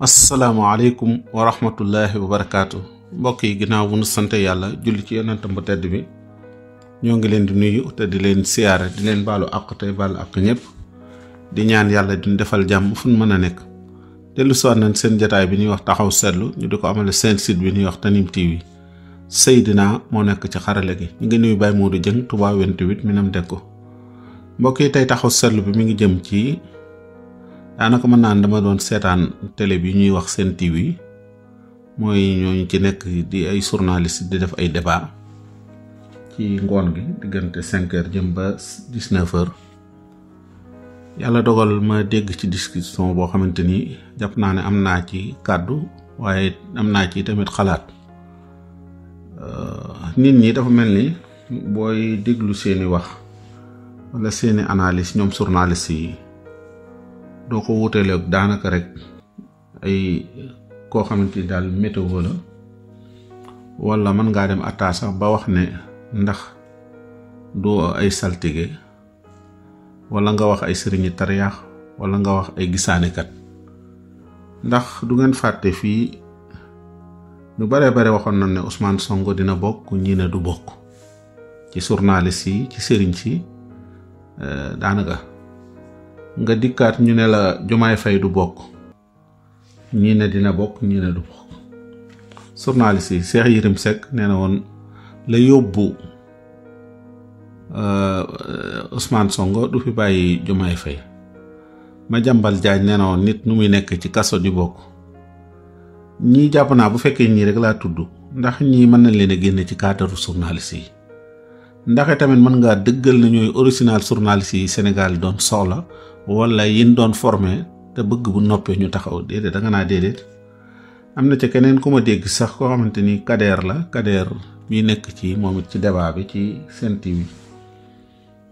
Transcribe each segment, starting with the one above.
asalaamaaleykum wa rahmatullahi wa barakaatu mbokk yi ginnaaw bu nu sant yàlla julli ci yonentam bu tedd bi ñoo ngi leen di nuyu te di leen siyaare di leen baalu àq tey baalu àq ñëpp di ñaan yàlla di defal jàmm fu nu mën a nekk. dellu si waat nañ seen jataay bi ñuy wax taxaw seetlu ñu di ko amale seen sit bi ñuy wax Tanime TV Seydina moo nekk ci xarale gi ñu ngi nuyu Baye Modou Dieng Touba 28 mi nam dégg ko mbokk yi tey taxaw seetlu bi mi ngi jëm ci. daanaka mën naan dama doon seetaan télé bi ñuy wax seen TV mooy ñooñu ci nekk di ay journaliste di def ay débat ci ngoon gi diggante cinq jëm ba dix-neuf yàlla dogal ma dégg ci discussion boo xamante ni jàpp naa ne am naa ci kàddu waaye am naa ci tamit xalaat euh, nit ñi dafa mel ni booy déglu seeni wax wala seeni analyse ñoom journaliste yi doo ko wutaleeg daanaka rek ay koo xamante ni daal météo la wala mën ngaa dem ataasax ba wax ne ndax doo ay saltige wala nga wax ay sëriñi wala nga wax ay gisaanekat ndax du ngeen fàtte fii ñu bare bare waxoon na ne Ousmane Sonko dina bokk ñiine du bokk ci journaliste yi ci sëriñ si eh, daanaka nga dikkaat ñu ne la Diomaye fay du bokk ñii ne dina bokk ñii ne du bokk journaliste yi Cheikh Yérim Seck nee na woon la yóbbu euh, usmaan songo du fi bàyyi Diomaye fay ma jàmbal jaañ nee na woon nit nu muy nekk ci kaso di bokk ñii jàpp naa bu fekkee ñii rek laa tudd ndax ñii mën nañ leen a génne ci cadre journaliste yi ndaxe tamit mën ngaa dëggal na ñooy original journaliste yi Sénégal doon soxla wala yin doon formé te bëgg bu noppee ñu taxaw déedéet da nga naa déedéet am na ca keneen ku ma dégg sax koo xamante ni kadeer la kadeer mi nekk ci moom it ci débat bi ci Sen TV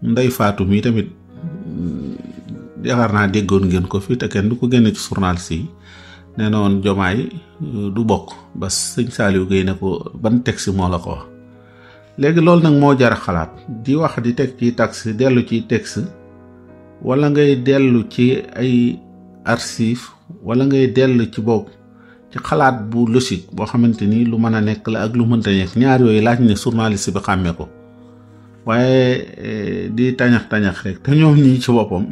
ndey faatu mi tamit mm, yaakaar naa déggoon ngeen ko fii te kenn du ko génne ci journal si nee na woon jomaay euh, du bokk ba sëñ Saliou Guèye ne ko ban taxi moo la ko wax léegi loolu nag moo jar xalaat di wax di teg ci taxi dellu ci taxi wala ngay dellu ci ay archives wala ngay dellu ci bopp ci xalaat bu logique boo xamante ni lu mën a nekk la ak lu mënta nekk ñaar yooyu laaj ne journaliste bi xàmmee ko waaye eh, di tañax tañax rek te ñoom ñii ci boppam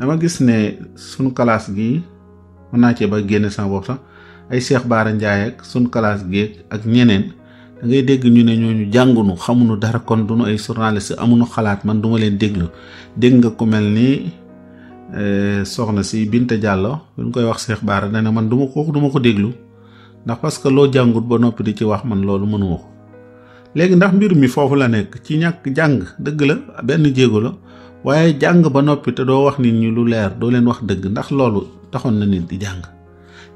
dama gis ne sunu classe gi mën naa cee ba génne sama bopp sax ay Cheikh Baara Ndiaye ak sunu classe gi ak ñeneen. dangay ngay dégg ñu ne ñooñu jàngunu xamuñu dara kon duñu ay si amuñu xalaat man duma leen déglu dégg nga ku mel ni eh, soxna si Binta jàllo buñ koy wax Cheikh Bara nee na man duma ko duma ko déglu ndax parce que loo jàngut ba noppi di ci wax man loolu mënuma ko léegi ndax mbir mi foofu la nekk ci ñàkk jàng dëgg la benn jéego la waaye jàng ba noppi te doo wax nit ñi lu leer doo leen wax dëgg ndax loolu taxoon na nit di jàng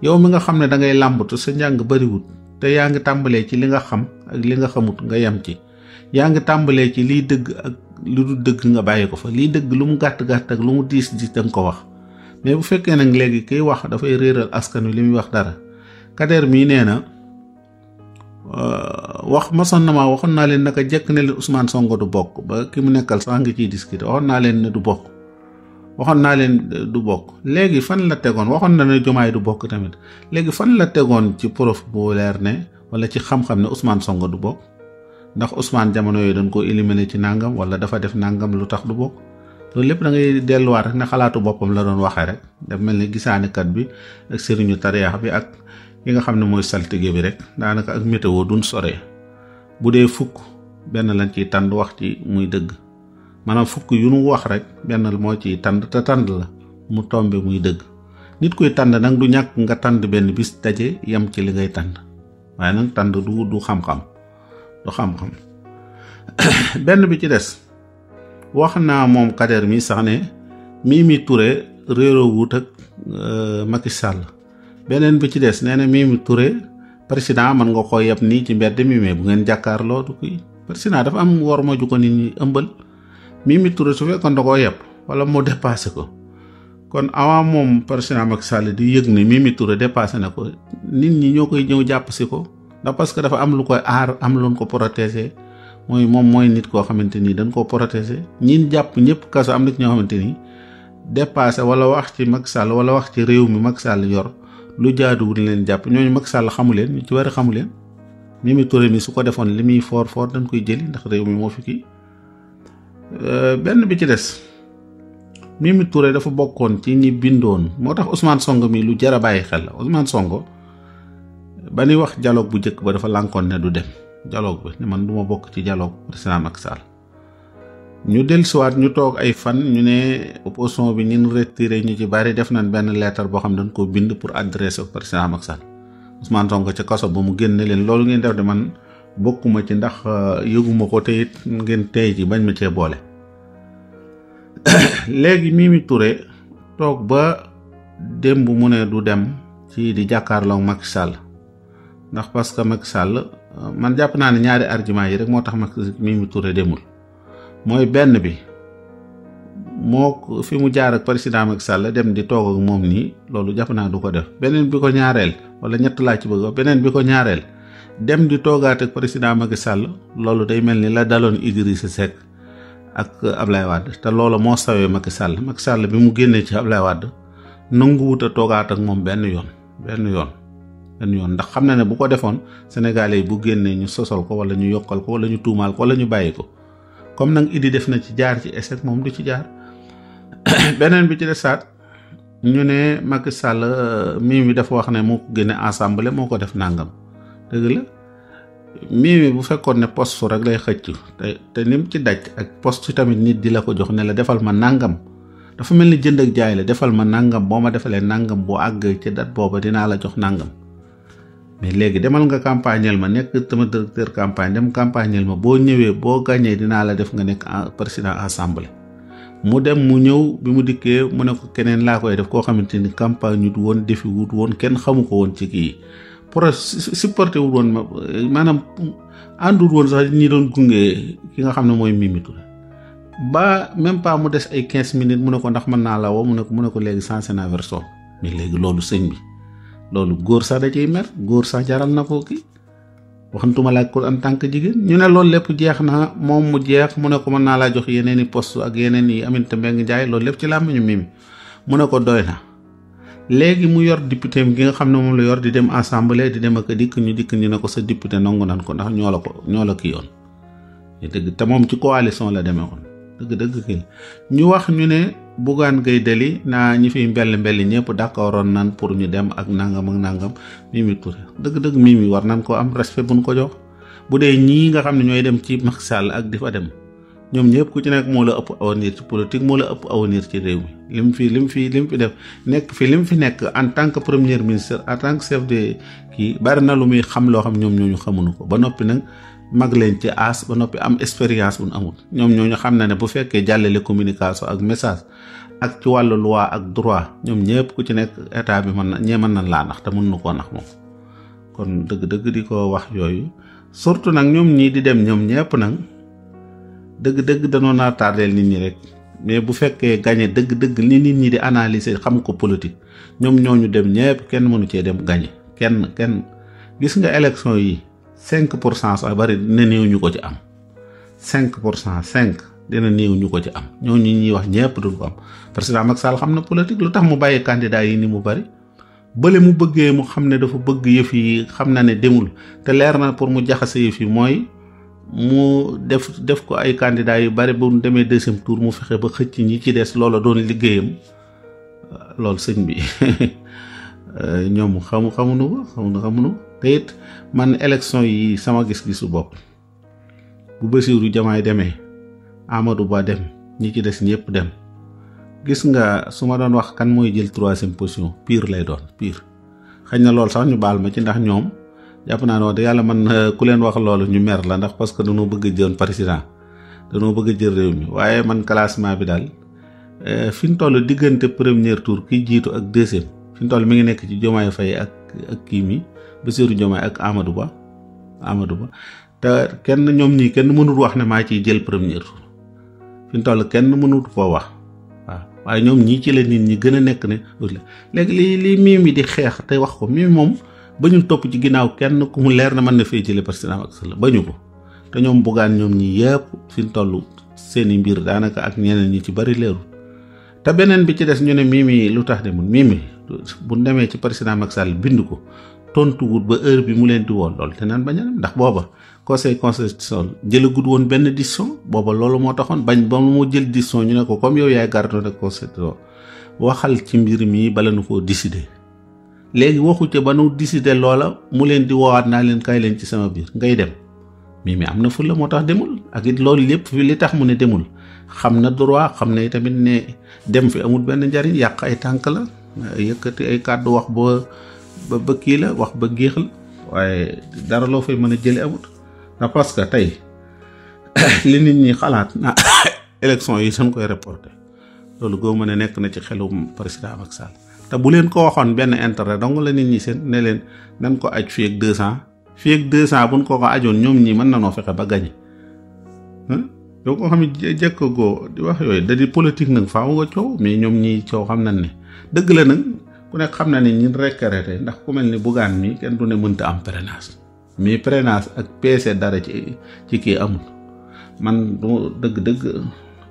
yow mi nga xam ne da ngay làmbatu sa njàng bariwut te yaa ngi tàmbalee ci li nga xam ak li nga xamut nga yem ci yaa ngi tàmbalee ci liy dëgg ak lu du dëgg nga bàyyi ko fa liy dëgg lu mu gàtt gàtt ak lu mu diis diis danga ko wax mais bu fekkee nag léegi kiy wax dafay réeral askan wi li muy wax dara Kader mii nee na euh, wax mason na maa waxoon naa leen naka jekk ne leen Ousmane Sonko du bokk ba ki mu nekkal sax nga ciy discuter waxoon naa leen ne du bokk. waxoon naa leen euh, du bokk léegi fan la tegoon waxoon na ne jomaay du bokk tamit léegi fan la tegoon ci prof bu leer ne wala ci xam-xam ne Ousmane Sonko du bokk ndax Ousmane jamono yooyu dañ ko éliminer ci nàngam wala dafa def nàngam lu tax du bokk loolu lépp da ngay delluwaat rek ne xalaatu boppam la doon waxee rek daf mel ni gisaanikat bi ak sëriñu tariyax bi ak yi nga xam ne mooy saltige bi rek daanaka ak météo duñ sore bu dee fukk benn lañ ci tan du wax ci muy dëgg maanaam fukk yu nu wax rek benn moo ci tànd te tànd la mu tombe muy dëgg nit kuy tànd nag du ñàkk nga tànd benn bis daje yem ci li ngay tànd du du xam-xam xam benn bi ci des wax naa moom Kader mi sax ne mi Touré réeroo wut ak euh, Macky Sall beneen bi ci des nee mii Mimi Touré président man nga ko yeb nii ci mbedd mi mais bu ngeen jàkkaarloo du kii président dafa am worma ko nit ñi ëmbal Mimi Touré su fekkoon da koo yeb wala mu dépassé ko kon avant moom président Macky Sall di yëg ni mii mi Touré dépassé na ko nit ñi ñoo koy ñëw jàpp si ko ndax parce que dafa am lu koy aar am lu ko protéger mooy moom mooy nit koo xamante ni dañ koo protéger ñin jàpp ñëpp kaso am na ci ñoo xamante ni dépassé wala wax ci mag Sall wala wax ci réew mi mag Sall yor lu jaaduwul leen jàpp ñooñu Macky Sall xamu leen ñu ci war a xamu leen Mimi Touré mi su ko defoon li muy foor foor dañ koy jëli ndax réew mi moo fi Euh, benn bi ci des Mimi Touré dafa bokkoon ci ñi bindoon moo tax Ousmane songo mii lu jar a bàyyi xel la Ousmane Sonko ba ñuy wax dialogue bu njëkk ba dafa lànkoon ne du dem dialogue bi ne man du bokk ci dialogue président Macky Sall ñu dellusiwaat ñu toog ay fan ñu ne opposition bi ñun retiré ñu ci bari def na benn leetar boo xam ne dañ koo bind pour adresse au président Macky Sall Ousmane Sonko ca kaso ba mu génne leen loolu ngeen def de man. bokkuma ci ndax euh, yëguma ko te ngeen tey ci bañ ma cee boole léegi Mimi Touré toog ba démb mu ne du dem ci di jàkkaarloo Macky sàll ndax parce que Macky Sall euh, man jàpp naa ne ñaari argument yi rek moo tax Macky Mimi ture demul mooy benn bi moo fi mu jaar ak président Macky Sall dem di toog moom nii loolu jàpp naa du ko def beneen bi ko ñaareel wala ñett laa ci bëgg beneen bi ko ñaareel dem di toogaat ak président Macky loolu day mel ni la daloon Idrissa Seck ak Ablaye Wade te loola moo sawee Macky Sall Macky Sall bi mu génnee ci Ablaye Wade nanguwut a moom benn yoon benn yoon yoon ndax xam na ne bu ko defoon sénégalais bu génnee ñu sosal ko wala ñu yokkal ko wala ñu tuumaal wala ñu bàyyi ko comme nag Idi def na ci jaar ci échec moom du ci jaar beneen bi ci desaat ñu ne Macky Sall euh, mii mi dafa wax ne moo ko génne assemblée moo ko def nàngam. dëgg la mii bi bu fekkoon ne poste rek lay xëcc te te nim ci daj ak poste tamit nit di la ko jox ne la defal ma nangam dafa mel ni jënd ak jaay la defal ma nangam boo ma defalee nangam boo àgg ci dat booba dinaa la jox nangam mais léegi demal nga campagneel ma nekk sama directeur campagne dem campagneel ma boo ñëwee boo gàñee dinaa la def nga nekk président assemblée mu dem mu ñëw bi mu dikkee mu ne ko keneen laa koy def koo xamante ni campagne wut woon defi wut woon kenn xamu ko woon ci kii pro supporté wul woon ma maanaam àndul woon sax ñi doon gunge ki nga xam ne mooy Mimi Touré ba même pas mu des ay quinze minutes mu ne ko ndax mën naa la woo mu ne ko mu ne ko léegi sensé naa version mais léegi loolu sëñ bi loolu góor sax da ciy mer góor sax jaral na ko kii waxantuma laaj ko en tant que jigéen ñu ne loolu lépp jeex na moom mu jeex mu ne ko mën naa laa jox yeneen i post ak yeneen yi Aminata Mbengue Ndiaye loolu lépp ci ñu Mimi mu ne ko doy léegi mu yor député gi nga xam ne moom la yor di dem assemblée di dem ak dikk ñu dikk ñu ne ko sa député nangu nan ko ndax ñoo la ko ñoo la ki yoon dëgg te moom ci coalition la demee woon dëgg-dëgg kii ñu wax ñu ne Bougane Gueye Dany naa ñi fi mbell mbelli ñëpp d'accordoon nan pour ñu dem ak nangam ak nangam Mimi Touré dëgg-dëgg Mimi war nan ko am respect buñ ko jox bu dee ñii nga xam ne ñooy dem ci Macky ak di fa dem ñoom ñëpp ku ci nekk moo la ëpp avenir ci politique moo la ëpp avenir ci réew mi mu fi lim fi fi def nekk fi lim fi nekk en tant que premier ministre en tant que de kii bari na lu muy xam loo xam ñoom ñooñu xamuñu ko ba noppi nag mag leen ci aas ba noppi am expérience bu ñu amul ñoom ñooñu xam na ne bu fekkee jàllale communication ak message ak ci wàllu loi ak droit ñoom ñëpp ku ci nekk état bi mën na ñee mën nañ laa nax te mën nu koo nax moom kon dëgg-dëgg di ko wax yooyu surtout nag ñoom ñii di dem ñoom ñëpp nag. dëgg-dëgg danoo naa tardeel nit ñi rek mais bu fekkee gañe dëgg-dëgg li nit ñi di analyser xam ko politique ñoom ñoo ñu dem ñëpp kenn mënu cee dem gañe kenn kenn gis nga élection yi cinq pour cent sax bari dina néew ñu ko ci am cinq pour cent cinq dina néew ñu ko ci am ñooñu ñuy wax ñëpp du ko am président Macky Sall xam na politique lu tax mu bàyyi candidat yi ni mu bari bële mu bëggee mu xam ne dafa bëgg yëf yi xam na ne demul te leer na pour mu jaxase yëf yi mooy mu def def ko ay kandidaa yu bari bu demee deuxième tour mu fexe ba xëcc ñi ci des loola doon liggéeyam loolu sëñ bi euh, ñoom xamu xamuñu ko xamuñu xamuñu te it man élection yi sama gis-gisu bopp bu Bassirou Diomaye demee Amadou Ba dem ñi ci des ñëpp dem gis nga su ma doon wax kan mooy jël troisième position piir lay doon piir xëy na loolu sax ñu baal ma ci ndax ñoom. jàpp naa ne wax dëgg yàlla man euh, ku leen wax loolu ñu mer la ndax parce que dañoo bëgg a jël président dañoo bëgg a jël réew mi waaye man classement bi daal euh, fi ñu toll diggante premier tour ki jiitu ak deuxième fi ñu toll mi ngi nekk ci Diomaye Faye ak ak kii mi Bassirou Diomaye ak Amadou Ba Amadou Ba te kenn ñoom ñii kenn mënul wax ne maa ciy jël premier tour fi ñu toll kenn mënul koo wax waaw waaye ñoom ñii ci la nit ñi gën a nekk ne léegi li li mii mi di xeex te wax ko mii moom. ba ñu topp ci ginnaaw kenn ku mu leer na mën na fee jële président Macky Sall ba ñu ko te ñoom buggaan ñoom ñi yëpp fi tollu seeni mbir daanaka ak ñeneen ñi ci bari leeru te beneen bi ci des ñu ne Mimi lu tax de mun mii Mimi bu demee ci président Macky Sall bind ko tontu wut ba heure bi mu leen di woon lool te naan bañ ndax booba conseil constitutionnel jëlagut woon benn décision booba loolu moo taxoon bañ ba mu jël décision ñu ne ko comme yow yaay gardon de constitution waxal ci mbir mi bala nu koo décider. léegi waxu ca ba nu décider loola mu leen di woowaat naa leen kay leen ci sama biir ngay dem mii mi am na ful la moo tax demul ak it loolu lépp fi li tax mu ne demul xam na droit xam na tamit ne dem fi amul benn njariñ yàq ay tànk la yëkkati ay kàddu wax ba ba kii la wax ba géex la waaye dara loo fay mën a jële amut na parce que tey li nit ñi xalaat na élection yi suñ koy reporté loolu goo mën a nekk na ci xelum président Macky Sall te bu leen ko waxoon benn intérêt dong la nit ñi seen ne leen dañ ko aj fii ak deux cent fii ak deux cent buñ ko ko ajoon ñoom ñi mën nanoo fexe ba gañe yow koo xam ne jëkk goo di wax yooyu da di politique nag faaw nga coow mais ñoom ñii coow xam nañ ni dëgg la nag ku nekk xam na ne ñun retraité ndax ku mel ni Bougane mi kenn du ne mënta am parrainage mais parrainage ak peese dara ci ci kii amul man du dëgg-dëgg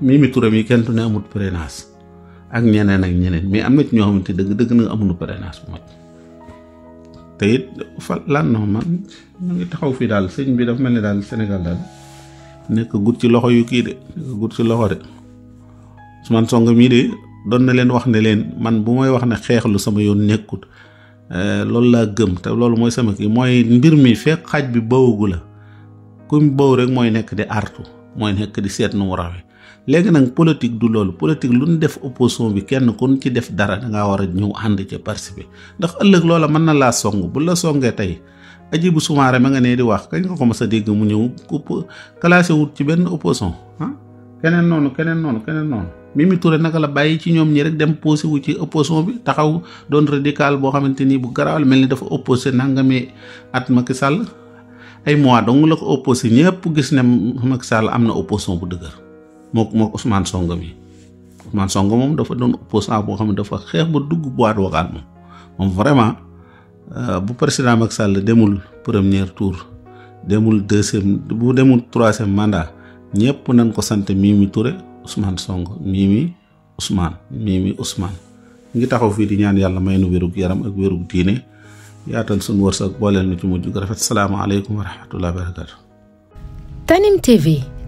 Mimi Touré mi kenn du ne amul parrainage ak ñeneen ak ñeneen mais am na ci ñoo xamante dëgg dëgg na amuñu parrainage bu mat te it fa lan noo man ñu ngi taxaw fii daal sëñ bi daf mel ni daal senegal daal nekk gut ci loxo yu kii de nekk gut ci loxo de Ousmane Sonko mii de doon na leen wax ne leen man bu may wax ne xeexlu sama yoon nekkut eh, loolu laa gëm te loolu mooy sama kii mooy mbir mi fekk xaj bi bawagu la ku baw rek mooy nekk di artu mooy nekk di seet nu mu rawee léegi nag politique du loolu politique lu ñu def opposition bi kenn ku ci def dara dangaa war a ñëw ànd ci participer ndax ëllëg loola mën na laa song bu la songee tey Hadjibou Soumaré ma nga nee di wax kañ nga ko mës a dégg mu ñëw classé wut ci benn opposition ah keneen noonu keneen noonu keneen noonu mi ture naka la bàyyi ci ñoom ñi rek dem posé wu ci opposition bi taxaw doon radical boo xamante ni bu garaaw mel ni dafa opposé nangami at Macky Sall ay mois dong la ko opposé ñëpp gis ne Macky Sall am na opposition bu dëgër moo moo Ousmane songo mi Ousmane Sonko moom dafa doon opposant boo xam ne dafa xeex ba dugg boîte vocale moom moom vraiment euh, bu président ak Sall demul première tour demul deuxième bu demul troisième mandat ñëpp nañ ko sant Mimi Touré Ousmane Sonko Mimi mii Mimi Ousmane ngi taxaw fii di ñaan yàlla may nu wérug yaram ak wérug diine yaatal sunu wërsëg booleel na ci mujj gu rafet salaamu wa rahmatullahi wa